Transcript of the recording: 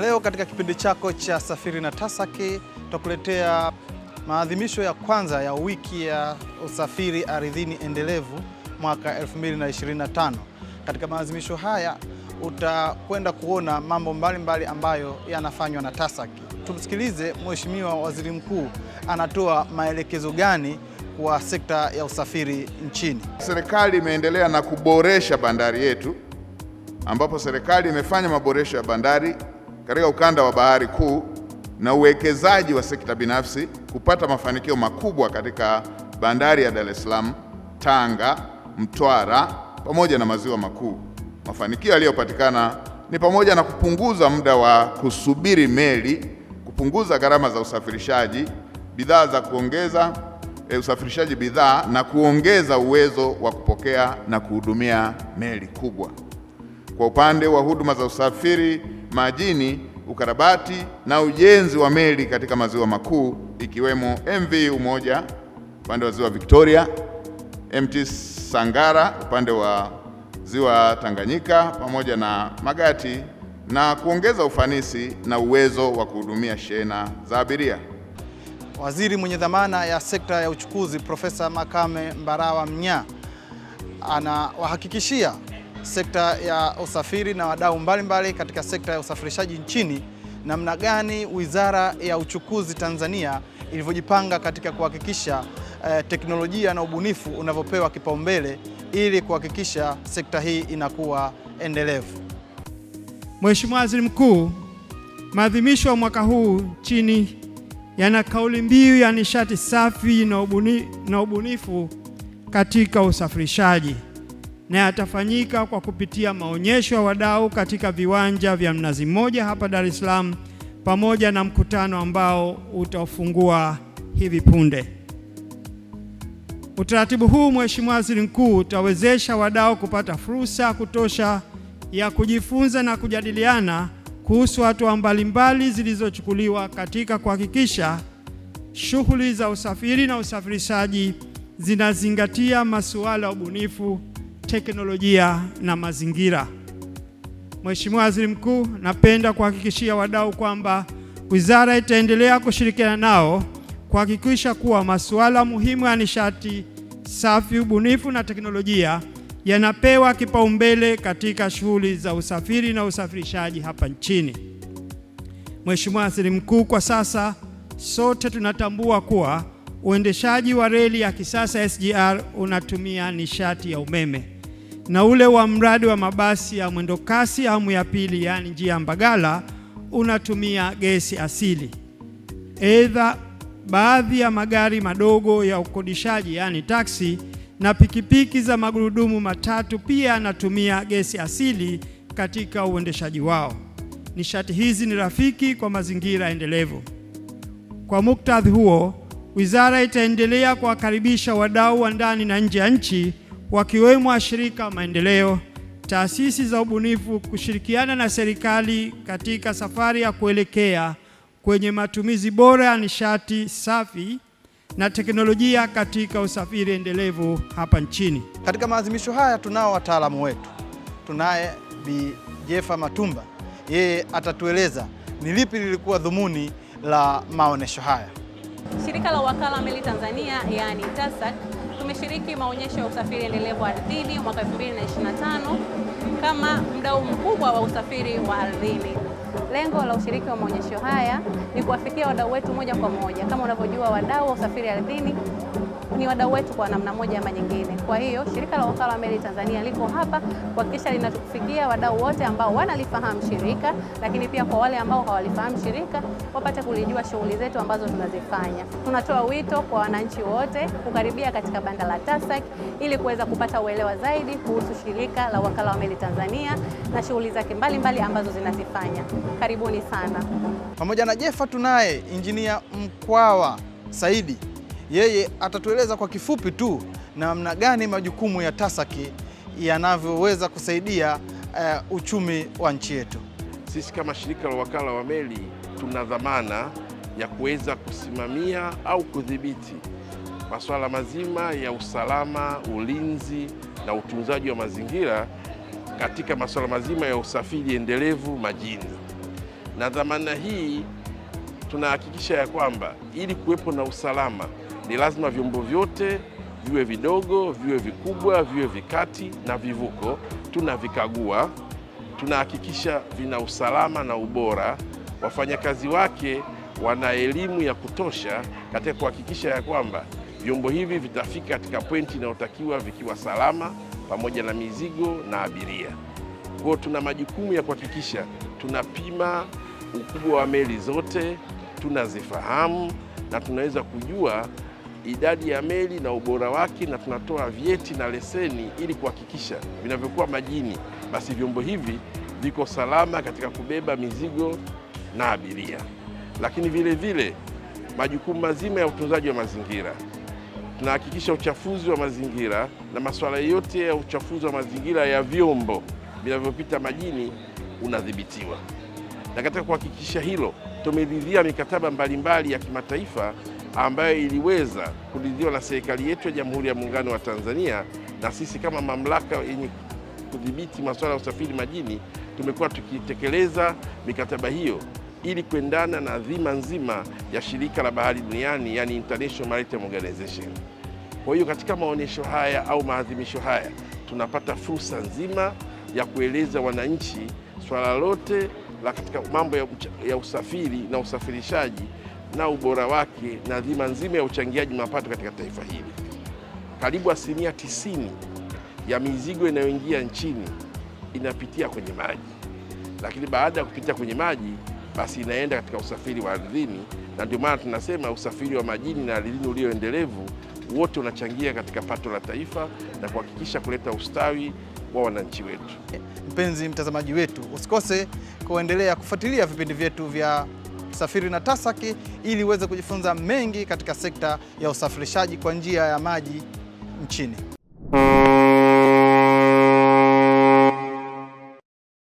Leo katika kipindi chako cha Safiri na Tasaki tutakuletea maadhimisho ya kwanza ya wiki ya usafiri ardhini endelevu mwaka 2025. Katika maadhimisho haya utakwenda kuona mambo mbalimbali mbali ambayo yanafanywa na Tasaki. Tumsikilize Mheshimiwa Waziri Mkuu anatoa maelekezo gani kwa sekta ya usafiri nchini. Serikali imeendelea na kuboresha bandari yetu ambapo serikali imefanya maboresho ya bandari katika ukanda wa Bahari Kuu na uwekezaji wa sekta binafsi kupata mafanikio makubwa katika bandari ya Dar es Salaam, Tanga, Mtwara pamoja na maziwa makuu. Mafanikio yaliyopatikana ni pamoja na kupunguza muda wa kusubiri meli, kupunguza gharama za usafirishaji bidhaa za kuongeza e, usafirishaji bidhaa na kuongeza uwezo wa kupokea na kuhudumia meli kubwa. Kwa upande wa huduma za usafiri majini, ukarabati na ujenzi wa meli katika maziwa makuu ikiwemo MV Umoja upande wa ziwa Victoria, MT Sangara upande wa ziwa Tanganyika pamoja na Magati na kuongeza ufanisi na uwezo wa kuhudumia shehena za abiria. Waziri mwenye dhamana ya sekta ya uchukuzi Profesa Makame Mbarawa mnya anawahakikishia sekta ya usafiri na wadau mbalimbali katika sekta ya usafirishaji nchini, namna gani Wizara ya Uchukuzi Tanzania ilivyojipanga katika kuhakikisha eh, teknolojia na ubunifu unavyopewa kipaumbele ili kuhakikisha sekta hii inakuwa endelevu. Mheshimiwa Waziri Mkuu, maadhimisho ya mwaka huu chini yana kauli mbiu ya nishati safi na ubunifu katika usafirishaji na yatafanyika kwa kupitia maonyesho ya wadau katika viwanja vya Mnazi Mmoja hapa Dar es Salaam pamoja na mkutano ambao utafungua hivi punde. Utaratibu huu, Mheshimiwa Waziri Mkuu, utawezesha wadau kupata fursa kutosha ya kujifunza na kujadiliana kuhusu hatua mbalimbali zilizochukuliwa katika kuhakikisha shughuli za usafiri na usafirishaji zinazingatia masuala ya ubunifu teknolojia na mazingira. Mheshimiwa Waziri Mkuu, napenda kuhakikishia wadau kwamba wizara itaendelea kushirikiana nao kuhakikisha kuwa masuala muhimu ya nishati safi, ubunifu na teknolojia yanapewa kipaumbele katika shughuli za usafiri na usafirishaji hapa nchini. Mheshimiwa Waziri Mkuu, kwa sasa sote tunatambua kuwa uendeshaji wa reli ya kisasa SGR unatumia nishati ya umeme na ule wa mradi wa mabasi ya mwendokasi awamu ya pili, yaani njia ya Mbagala unatumia gesi asili. Aidha, baadhi ya magari madogo ya ukodishaji yaani taksi na pikipiki za magurudumu matatu pia yanatumia gesi asili katika uendeshaji wao. Nishati hizi ni rafiki kwa mazingira endelevu. Kwa muktadha huo, wizara itaendelea kuwakaribisha wadau wa ndani na nje ya nchi wakiwemo washirika maendeleo, taasisi za ubunifu kushirikiana na serikali katika safari ya kuelekea kwenye matumizi bora ya nishati safi na teknolojia katika usafiri endelevu hapa nchini. Katika maadhimisho haya tunao wataalamu wetu. Tunaye Bi Jefa Matumba, yeye atatueleza ni lipi lilikuwa dhumuni la maonesho haya. Shirika la wakala wa meli Tanzania, yani TASAC tumeshiriki maonyesho ya usafiri endelevu ardhini mwaka 2025 kama mdau mkubwa wa usafiri wa ardhini. Lengo la ushiriki wa maonyesho haya ni kuwafikia wadau wetu moja kwa moja. Kama unavyojua, wadau wa usafiri ardhini ni wadau wetu kwa namna moja ama nyingine. Kwa hiyo shirika la wakala wa meli Tanzania liko hapa kuhakikisha linatufikia wadau wote ambao wanalifahamu shirika, lakini pia kwa wale ambao hawalifahamu shirika wapate kulijua shughuli zetu ambazo tunazifanya. Tunatoa wito kwa wananchi wote kukaribia katika banda la TASAC ili kuweza kupata uelewa zaidi kuhusu shirika la wakala wa meli Tanzania na shughuli zake mbalimbali ambazo zinazifanya. Karibuni sana. Pamoja na Jefa tunaye Injinia Mkwawa Saidi. Yeye atatueleza kwa kifupi tu namna gani majukumu ya TASAKI yanavyoweza kusaidia uh, uchumi wa nchi yetu. Sisi kama shirika la wakala wa meli tuna dhamana ya kuweza kusimamia au kudhibiti masuala mazima ya usalama, ulinzi na utunzaji wa mazingira katika masuala mazima ya usafiri endelevu majini. Na dhamana hii tunahakikisha ya kwamba ili kuwepo na usalama ni lazima vyombo vyote viwe vidogo, viwe vikubwa, viwe vikati na vivuko, tunavikagua, tunahakikisha vina usalama na ubora. Wafanyakazi wake wana elimu ya kutosha katika kuhakikisha ya kwamba vyombo hivi vitafika katika pointi inayotakiwa vikiwa salama, pamoja na mizigo na abiria. Kwa tuna majukumu ya kuhakikisha tunapima ukubwa wa meli zote, tunazifahamu na tunaweza kujua idadi ya meli na ubora wake, na tunatoa vyeti na leseni ili kuhakikisha vinavyokuwa majini, basi vyombo hivi viko salama katika kubeba mizigo na abiria. Lakini vile vile majukumu mazima ya utunzaji wa mazingira, tunahakikisha uchafuzi wa mazingira na masuala yote ya uchafuzi wa mazingira ya vyombo vinavyopita majini unadhibitiwa, na katika kuhakikisha hilo tumeridhia mikataba mbalimbali ya kimataifa ambayo iliweza kuridhiwa na serikali yetu ya Jamhuri ya Muungano wa Tanzania, na sisi kama mamlaka yenye kudhibiti masuala ya usafiri majini tumekuwa tukitekeleza mikataba hiyo ili kuendana na dhima nzima ya shirika la bahari duniani, yani International Maritime Organization. Kwa hiyo katika maonyesho haya au maadhimisho haya tunapata fursa nzima ya kueleza wananchi swala lote la katika mambo ya usafiri na usafirishaji na ubora wake na dhima nzima ya uchangiaji mapato katika taifa hili. Karibu asilimia 90 ya mizigo inayoingia nchini inapitia kwenye maji, lakini baada ya kupitia kwenye maji basi inaenda katika usafiri wa ardhini, na ndio maana tunasema usafiri wa majini na ardhini ulioendelevu wote unachangia katika pato la taifa na kuhakikisha kuleta ustawi wa wananchi wetu. Mpenzi mtazamaji wetu, usikose kuendelea kufuatilia vipindi vyetu vya Safiri na TASAC ili uweze kujifunza mengi katika sekta ya usafirishaji kwa njia ya maji nchini.